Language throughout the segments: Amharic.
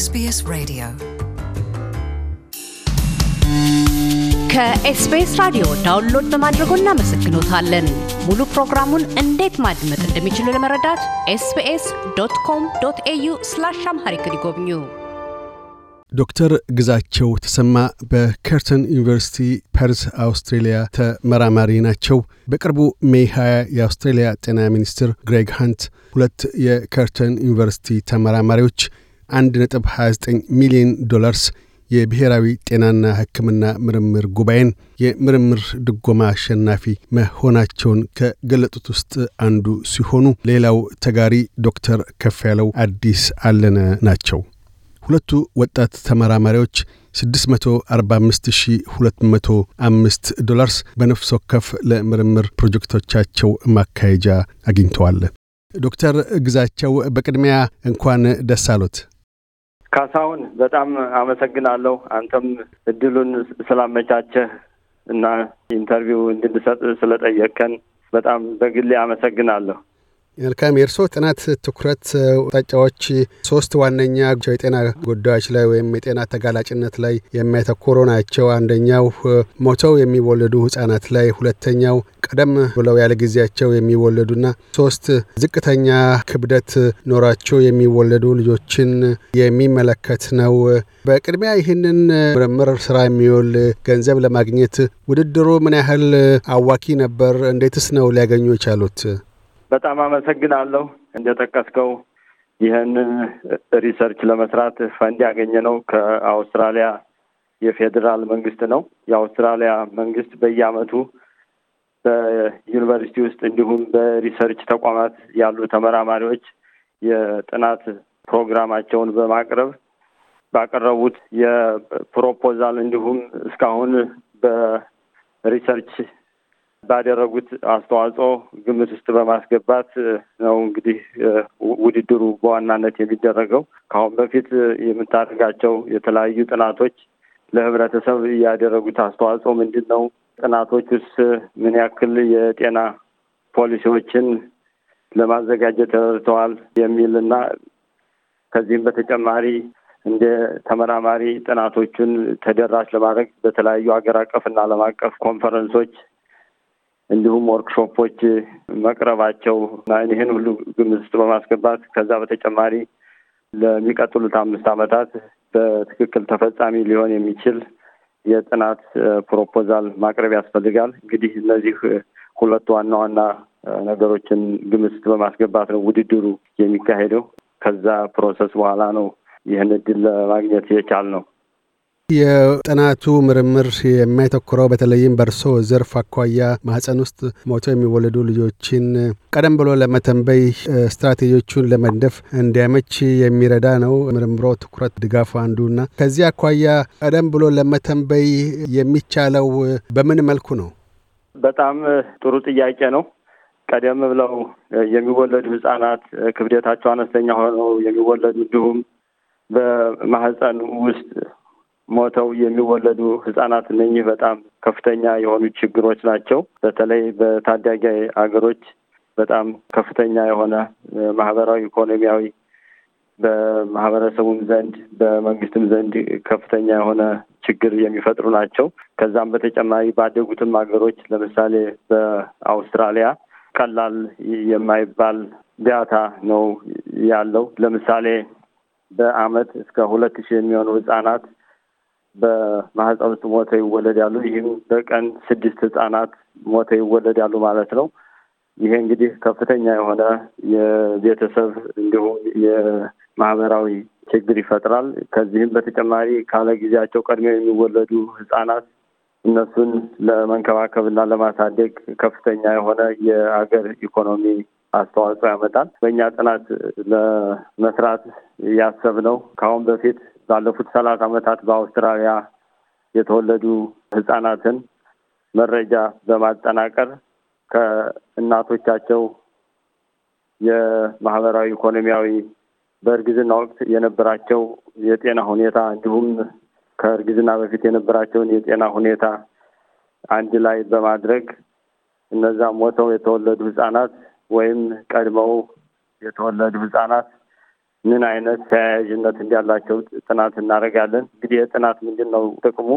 ኤስቢኤስ ሬዲዮ ከኤስቢኤስ ራዲዮ ዳውንሎድ በማድረጎ እናመሰግኖታለን። ሙሉ ፕሮግራሙን እንዴት ማድመጥ እንደሚችሉ ለመረዳት ኤስቢኤስ ዶት ኮም ዶት ኤዩ ስላሽ አምሃሪክ ይጎብኙ። ዶክተር ግዛቸው ተሰማ በከርተን ዩኒቨርሲቲ ፐርስ አውስትሬሊያ ተመራማሪ ናቸው። በቅርቡ ሜይ 20 የአውስትሬሊያ ጤና ሚኒስትር ግሬግ ሃንት ሁለት የከርተን ዩኒቨርሲቲ ተመራማሪዎች 1.29 ሚሊዮን ዶላርስ የብሔራዊ ጤናና ሕክምና ምርምር ጉባኤን የምርምር ድጎማ አሸናፊ መሆናቸውን ከገለጡት ውስጥ አንዱ ሲሆኑ ሌላው ተጋሪ ዶክተር ከፍ ያለው አዲስ አለነ ናቸው። ሁለቱ ወጣት ተመራማሪዎች 645205 ዶላርስ በነፍስ ወከፍ ለምርምር ፕሮጀክቶቻቸው ማካሄጃ አግኝተዋል። ዶክተር ግዛቸው በቅድሚያ እንኳን ደስ አሎት። ካሳሁን በጣም አመሰግናለሁ። አንተም እድሉን ስላመቻቸህ እና ኢንተርቪው እንድንሰጥ ስለጠየቅከን በጣም በግሌ አመሰግናለሁ። መልካም የእርስዎ ጥናት ትኩረት አቅጣጫዎች ሶስት ዋነኛ የጤና ጉዳዮች ላይ ወይም የጤና ተጋላጭነት ላይ የሚያተኮሩ ናቸው። አንደኛው ሞተው የሚወለዱ ህጻናት ላይ፣ ሁለተኛው ቀደም ብለው ያለ ጊዜያቸው የሚወለዱና ሶስት ዝቅተኛ ክብደት ኖራቸው የሚወለዱ ልጆችን የሚመለከት ነው። በቅድሚያ ይህንን ምርምር ስራ የሚውል ገንዘብ ለማግኘት ውድድሩ ምን ያህል አዋኪ ነበር? እንዴትስ ነው ሊያገኙ የቻሉት? በጣም አመሰግናለሁ። እንደጠቀስከው ይህንን ሪሰርች ለመስራት ፈንድ ያገኘ ነው ከአውስትራሊያ የፌዴራል መንግስት ነው። የአውስትራሊያ መንግስት በየአመቱ በዩኒቨርሲቲ ውስጥ እንዲሁም በሪሰርች ተቋማት ያሉ ተመራማሪዎች የጥናት ፕሮግራማቸውን በማቅረብ ባቀረቡት የፕሮፖዛል እንዲሁም እስካሁን በሪሰርች ባደረጉት አስተዋጽኦ ግምት ውስጥ በማስገባት ነው እንግዲህ ውድድሩ በዋናነት የሚደረገው። ከአሁን በፊት የምታደርጋቸው የተለያዩ ጥናቶች ለህብረተሰብ ያደረጉት አስተዋጽኦ ምንድን ነው? ጥናቶች ውስጥ ምን ያክል የጤና ፖሊሲዎችን ለማዘጋጀት ተረድተዋል? የሚል እና ከዚህም በተጨማሪ እንደ ተመራማሪ ጥናቶቹን ተደራሽ ለማድረግ በተለያዩ ሀገር አቀፍ እና ዓለም አቀፍ ኮንፈረንሶች እንዲሁም ወርክሾፖች መቅረባቸው እና ይህን ሁሉ ግምት ውስጥ በማስገባት ከዛ በተጨማሪ ለሚቀጥሉት አምስት ዓመታት በትክክል ተፈጻሚ ሊሆን የሚችል የጥናት ፕሮፖዛል ማቅረብ ያስፈልጋል። እንግዲህ እነዚህ ሁለት ዋና ዋና ነገሮችን ግምት ውስጥ በማስገባት ነው ውድድሩ የሚካሄደው። ከዛ ፕሮሰስ በኋላ ነው ይህን እድል ለማግኘት የቻል ነው። የጥናቱ ምርምር የሚያተኩረው በተለይም በእርሶ ዘርፍ አኳያ ማህፀን ውስጥ ሞተው የሚወለዱ ልጆችን ቀደም ብሎ ለመተንበይ ስትራቴጂዎቹን ለመንደፍ እንዲያመች የሚረዳ ነው። ምርምሮ ትኩረት ድጋፉ አንዱና ከዚህ አኳያ ቀደም ብሎ ለመተንበይ የሚቻለው በምን መልኩ ነው? በጣም ጥሩ ጥያቄ ነው። ቀደም ብለው የሚወለዱ ህጻናት ክብደታቸው አነስተኛ ሆነው የሚወለዱ እንዲሁም በማህፀን ውስጥ ሞተው የሚወለዱ ህጻናት እነኚህ በጣም ከፍተኛ የሆኑ ችግሮች ናቸው። በተለይ በታዳጊ አገሮች በጣም ከፍተኛ የሆነ ማህበራዊ፣ ኢኮኖሚያዊ በማህበረሰቡም ዘንድ በመንግስትም ዘንድ ከፍተኛ የሆነ ችግር የሚፈጥሩ ናቸው። ከዛም በተጨማሪ ባደጉትም ሀገሮች ለምሳሌ በአውስትራሊያ ቀላል የማይባል ዳታ ነው ያለው። ለምሳሌ በአመት እስከ ሁለት ሺህ የሚሆኑ ህጻናት በማህፀን ውስጥ ሞተ ይወለዳሉ። ይህም በቀን ስድስት ህጻናት ሞተ ይወለዳሉ ማለት ነው። ይሄ እንግዲህ ከፍተኛ የሆነ የቤተሰብ እንዲሁም የማህበራዊ ችግር ይፈጥራል። ከዚህም በተጨማሪ ካለ ጊዜያቸው ቀድሜው የሚወለዱ ህጻናት እነሱን ለመንከባከብና ለማሳደግ ከፍተኛ የሆነ የአገር ኢኮኖሚ አስተዋጽኦ ያመጣል። በእኛ ጥናት ለመስራት ያሰብነው ከአሁን በፊት ባለፉት ሰላሳ ዓመታት በአውስትራሊያ የተወለዱ ህጻናትን መረጃ በማጠናቀር ከእናቶቻቸው የማህበራዊ፣ ኢኮኖሚያዊ በእርግዝና ወቅት የነበራቸው የጤና ሁኔታ እንዲሁም ከእርግዝና በፊት የነበራቸውን የጤና ሁኔታ አንድ ላይ በማድረግ እነዛ ሞተው የተወለዱ ህጻናት ወይም ቀድመው የተወለዱ ህጻናት ምን አይነት ተያያዥነት እንዳላቸው ጥናት እናደርጋለን። እንግዲህ የጥናት ምንድን ነው ጥቅሙ?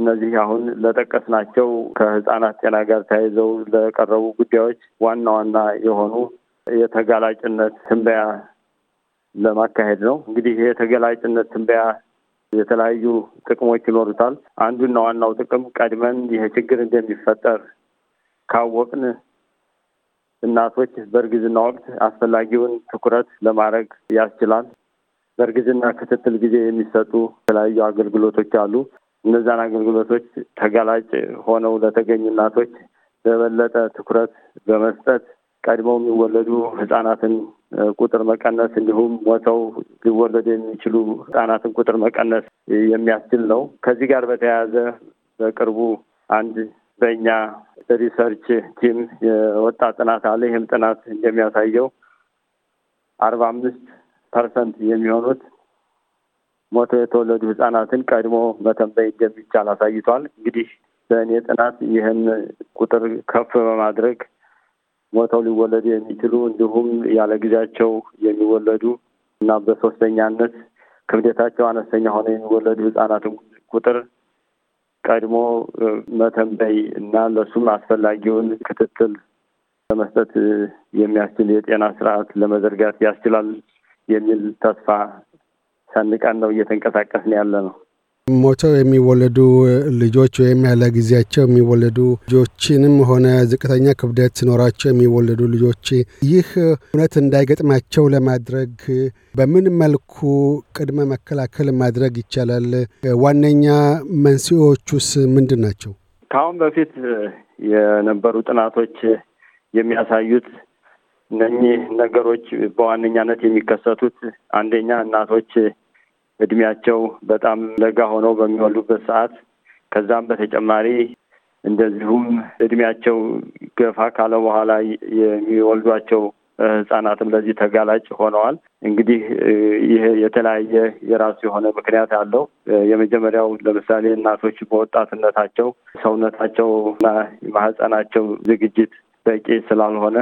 እነዚህ አሁን ለጠቀስናቸው ከህጻናት ጤና ጋር ተያይዘው ለቀረቡ ጉዳዮች ዋና ዋና የሆኑ የተጋላጭነት ትንበያ ለማካሄድ ነው። እንግዲህ የተገላጭነት ትንበያ የተለያዩ ጥቅሞች ይኖሩታል። አንዱና ዋናው ጥቅም ቀድመን ይሄ ችግር እንደሚፈጠር ካወቅን እናቶች በእርግዝና ወቅት አስፈላጊውን ትኩረት ለማድረግ ያስችላል። በእርግዝና ክትትል ጊዜ የሚሰጡ የተለያዩ አገልግሎቶች አሉ። እነዛን አገልግሎቶች ተጋላጭ ሆነው ለተገኙ እናቶች በበለጠ ትኩረት በመስጠት ቀድመው የሚወለዱ ህጻናትን ቁጥር መቀነስ እንዲሁም ሞተው ሊወለዱ የሚችሉ ህጻናትን ቁጥር መቀነስ የሚያስችል ነው። ከዚህ ጋር በተያያዘ በቅርቡ አንድ በእኛ ሪሰርች ቲም የወጣ ጥናት አለ። ይህም ጥናት እንደሚያሳየው አርባ አምስት ፐርሰንት የሚሆኑት ሞቶ የተወለዱ ህጻናትን ቀድሞ መተንበይ እንደሚቻል አሳይቷል። እንግዲህ በእኔ ጥናት ይህን ቁጥር ከፍ በማድረግ ሞተው ሊወለዱ የሚችሉ እንዲሁም ያለ ጊዜያቸው የሚወለዱ እና በሶስተኛነት ክብደታቸው አነስተኛ ሆነ የሚወለዱ ህጻናትን ቁጥር ቀድሞ መተንበይ እና ለሱም አስፈላጊውን ክትትል ለመስጠት የሚያስችል የጤና ስርዓት ለመዘርጋት ያስችላል የሚል ተስፋ ሰንቀን ነው እየተንቀሳቀስን ያለ ነው። ሞተው የሚወለዱ ልጆች ወይም ያለ ጊዜያቸው የሚወለዱ ልጆችንም ሆነ ዝቅተኛ ክብደት ሲኖራቸው የሚወለዱ ልጆች ይህ እውነት እንዳይገጥማቸው ለማድረግ በምን መልኩ ቅድመ መከላከል ማድረግ ይቻላል? ዋነኛ መንስኤዎቹስ ምንድን ናቸው? ከአሁን በፊት የነበሩ ጥናቶች የሚያሳዩት እነኚህ ነገሮች በዋነኛነት የሚከሰቱት አንደኛ እናቶች እድሜያቸው በጣም ለጋ ሆነው በሚወልዱበት ሰዓት ከዛም በተጨማሪ እንደዚሁም እድሜያቸው ገፋ ካለ በኋላ የሚወልዷቸው ህጻናትም ለዚህ ተጋላጭ ሆነዋል። እንግዲህ ይህ የተለያየ የራሱ የሆነ ምክንያት አለው። የመጀመሪያው ለምሳሌ እናቶች በወጣትነታቸው ሰውነታቸውና ማህፀናቸው ዝግጅት በቂ ስላልሆነ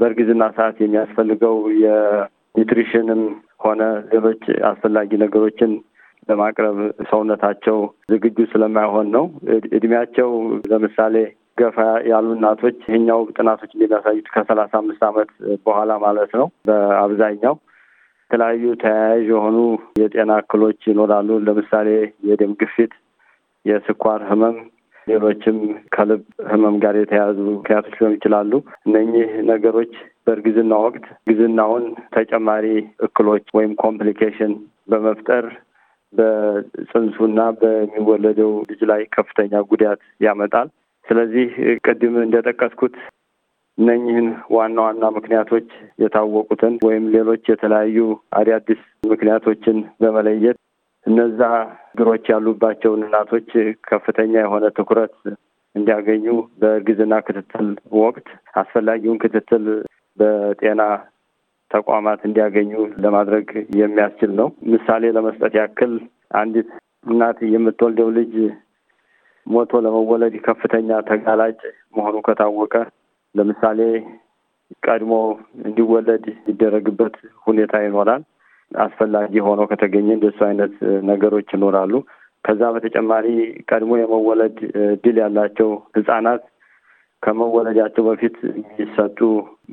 በእርግዝና ሰዓት የሚያስፈልገው የኒትሪሽንም ሆነ ሌሎች አስፈላጊ ነገሮችን ለማቅረብ ሰውነታቸው ዝግጁ ስለማይሆን ነው። እድሜያቸው ለምሳሌ ገፋ ያሉ እናቶች ይህኛው ጥናቶች እንደሚያሳዩት ከሰላሳ አምስት ዓመት በኋላ ማለት ነው። በአብዛኛው የተለያዩ ተያያዥ የሆኑ የጤና እክሎች ይኖራሉ። ለምሳሌ የደም ግፊት፣ የስኳር ህመም ሌሎችም ከልብ ህመም ጋር የተያያዙ ምክንያቶች ሊሆን ይችላሉ። እነኚህ ነገሮች በእርግዝና ወቅት ግዝናውን ተጨማሪ እክሎች ወይም ኮምፕሊኬሽን በመፍጠር በጽንሱና በሚወለደው ልጅ ላይ ከፍተኛ ጉዳት ያመጣል። ስለዚህ ቅድም እንደጠቀስኩት እነኝህን ዋና ዋና ምክንያቶች የታወቁትን ወይም ሌሎች የተለያዩ አዳዲስ ምክንያቶችን በመለየት እነዛ ችግሮች ያሉባቸውን እናቶች ከፍተኛ የሆነ ትኩረት እንዲያገኙ በእርግዝና ክትትል ወቅት አስፈላጊውን ክትትል በጤና ተቋማት እንዲያገኙ ለማድረግ የሚያስችል ነው። ምሳሌ ለመስጠት ያክል አንዲት እናት የምትወልደው ልጅ ሞቶ ለመወለድ ከፍተኛ ተጋላጭ መሆኑ ከታወቀ ለምሳሌ ቀድሞ እንዲወለድ ይደረግበት ሁኔታ ይኖራል። አስፈላጊ ሆኖ ከተገኘ እንደሱ አይነት ነገሮች ይኖራሉ። ከዛ በተጨማሪ ቀድሞ የመወለድ እድል ያላቸው ህጻናት ከመወለጃቸው በፊት የሚሰጡ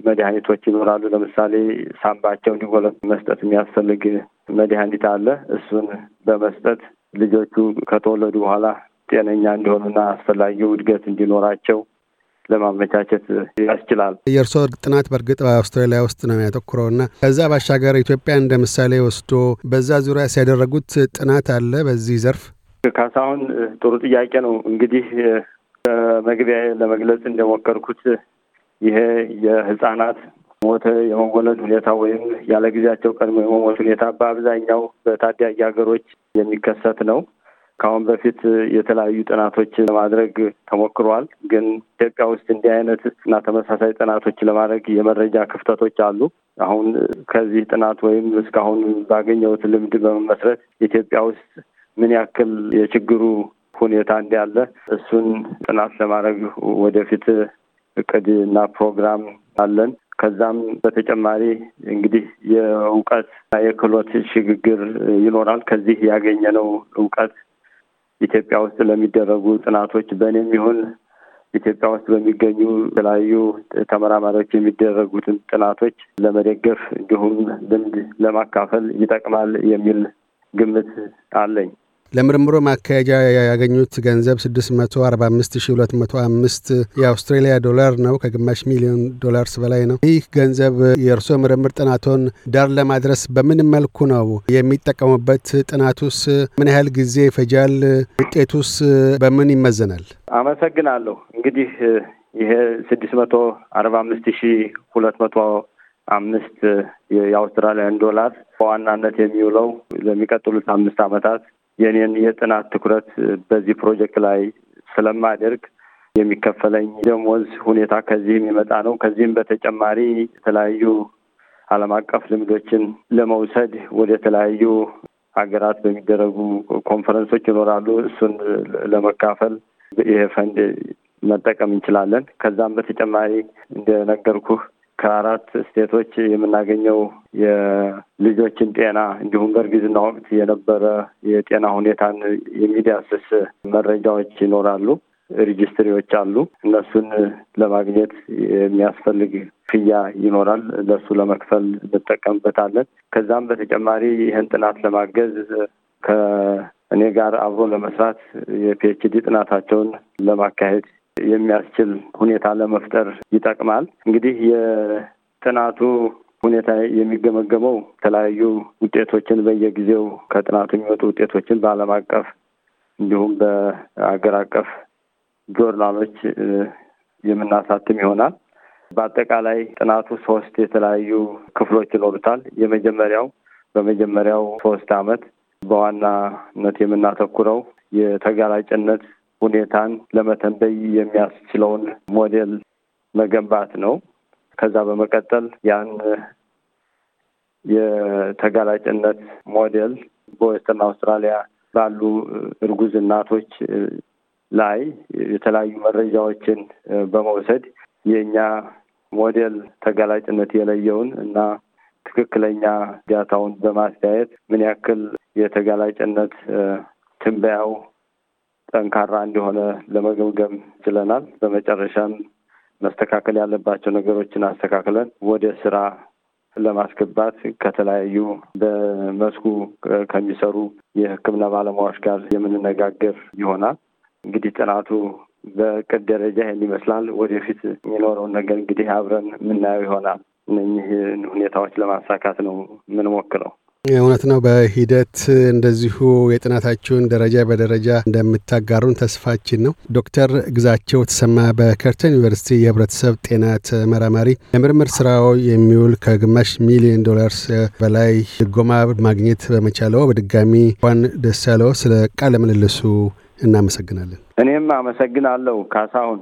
መድኃኒቶች ይኖራሉ። ለምሳሌ ሳምባቸው እንዲጎለብ መስጠት የሚያስፈልግ መድኃኒት አለ። እሱን በመስጠት ልጆቹ ከተወለዱ በኋላ ጤነኛ እንዲሆኑና አስፈላጊው እድገት እንዲኖራቸው ለማመቻቸት ያስችላል። የእርስዎ ጥናት በእርግጥ በአውስትራሊያ ውስጥ ነው የሚያተኩረው እና ከዛ ባሻገር ኢትዮጵያ እንደ ምሳሌ ወስዶ በዛ ዙሪያ ሲያደረጉት ጥናት አለ በዚህ ዘርፍ? ካሳሁን ጥሩ ጥያቄ ነው። እንግዲህ በመግቢያ ለመግለጽ እንደሞከርኩት ይሄ የህጻናት ሞተ የመወለድ ሁኔታ ወይም ያለ ጊዜያቸው ቀድሞ የመሞት ሁኔታ በአብዛኛው በታዳጊ ሀገሮች የሚከሰት ነው። ከአሁን በፊት የተለያዩ ጥናቶች ለማድረግ ተሞክሯል። ግን ኢትዮጵያ ውስጥ እንዲህ አይነት እና ተመሳሳይ ጥናቶች ለማድረግ የመረጃ ክፍተቶች አሉ። አሁን ከዚህ ጥናት ወይም እስካሁን ባገኘሁት ልምድ በመመስረት ኢትዮጵያ ውስጥ ምን ያክል የችግሩ ሁኔታ እንዳለ እሱን ጥናት ለማድረግ ወደፊት እቅድ እና ፕሮግራም አለን። ከዛም በተጨማሪ እንግዲህ የእውቀት የክህሎት ሽግግር ይኖራል። ከዚህ ያገኘነው እውቀት ኢትዮጵያ ውስጥ ለሚደረጉ ጥናቶች በእኔም ይሁን ኢትዮጵያ ውስጥ በሚገኙ የተለያዩ ተመራማሪዎች የሚደረጉትን ጥናቶች ለመደገፍ እንዲሁም ልምድ ለማካፈል ይጠቅማል የሚል ግምት አለኝ። ለምርምሮ ማካሄጃ ያገኙት ገንዘብ 645205 የአውስትሬሊያ ዶላር ነው። ከግማሽ ሚሊዮን ዶላርስ በላይ ነው። ይህ ገንዘብ የእርስዎ ምርምር ጥናቶን ዳር ለማድረስ በምን መልኩ ነው የሚጠቀሙበት? ጥናቱስ ምን ያህል ጊዜ ይፈጃል? ውጤቱስ በምን ይመዘናል? አመሰግናለሁ። እንግዲህ ይሄ ስድስት መቶ አርባ አምስት ሺ ሁለት መቶ አምስት የአውስትራሊያን ዶላር በዋናነት የሚውለው ለሚቀጥሉት አምስት ዓመታት የኔን የጥናት ትኩረት በዚህ ፕሮጀክት ላይ ስለማደርግ የሚከፈለኝ ደሞዝ ሁኔታ ከዚህ የሚመጣ ነው። ከዚህም በተጨማሪ የተለያዩ ዓለም አቀፍ ልምዶችን ለመውሰድ ወደ ተለያዩ ሀገራት በሚደረጉ ኮንፈረንሶች ይኖራሉ። እሱን ለመካፈል ይሄ ፈንድ መጠቀም እንችላለን። ከዛም በተጨማሪ እንደነገርኩህ ከአራት ስቴቶች የምናገኘው የልጆችን ጤና እንዲሁም በእርግዝና ወቅት የነበረ የጤና ሁኔታን የሚዳስስ መረጃዎች ይኖራሉ። ሬጅስትሪዎች አሉ። እነሱን ለማግኘት የሚያስፈልግ ክፍያ ይኖራል። ለእሱ ለመክፈል እንጠቀምበታለን። ከዛም በተጨማሪ ይህን ጥናት ለማገዝ ከእኔ ጋር አብሮ ለመስራት የፒኤችዲ ጥናታቸውን ለማካሄድ የሚያስችል ሁኔታ ለመፍጠር ይጠቅማል። እንግዲህ የጥናቱ ሁኔታ የሚገመገመው የተለያዩ ውጤቶችን በየጊዜው ከጥናቱ የሚወጡ ውጤቶችን በዓለም አቀፍ እንዲሁም በአገር አቀፍ ጆርናሎች የምናሳትም ይሆናል። በአጠቃላይ ጥናቱ ሶስት የተለያዩ ክፍሎች ይኖሩታል። የመጀመሪያው በመጀመሪያው ሶስት ዓመት በዋናነት የምናተኩረው የተጋላጭነት ሁኔታን ለመተንበይ የሚያስችለውን ሞዴል መገንባት ነው። ከዛ በመቀጠል ያን የተጋላጭነት ሞዴል በዌስተርን አውስትራሊያ ባሉ እርጉዝ እናቶች ላይ የተለያዩ መረጃዎችን በመውሰድ የእኛ ሞዴል ተጋላጭነት የለየውን እና ትክክለኛ ዳታውን በማስተያየት ምን ያክል የተጋላጭነት ትንበያው ጠንካራ እንደሆነ ለመገምገም ችለናል። በመጨረሻም መስተካከል ያለባቸው ነገሮችን አስተካክለን ወደ ስራ ለማስገባት ከተለያዩ በመስኩ ከሚሰሩ የሕክምና ባለሙያዎች ጋር የምንነጋገር ይሆናል። እንግዲህ ጥናቱ በቅድ ደረጃ ይህን ይመስላል። ወደፊት የሚኖረውን ነገር እንግዲህ አብረን የምናየው ይሆናል። እነኚህን ሁኔታዎች ለማሳካት ነው የምንሞክረው። እውነት ነው። በሂደት እንደዚሁ የጥናታችሁን ደረጃ በደረጃ እንደምታጋሩን ተስፋችን ነው። ዶክተር ግዛቸው ተሰማ በከርተን ዩኒቨርሲቲ የህብረተሰብ ጤና ተመራማሪ፣ የምርምር ስራው የሚውል ከግማሽ ሚሊዮን ዶላርስ በላይ ድጎማ ማግኘት በመቻለው በድጋሚ እንኳን ደስ ያለው። ስለ ቃለ ምልልሱ እናመሰግናለን። እኔም አመሰግናለሁ ካሳሁን።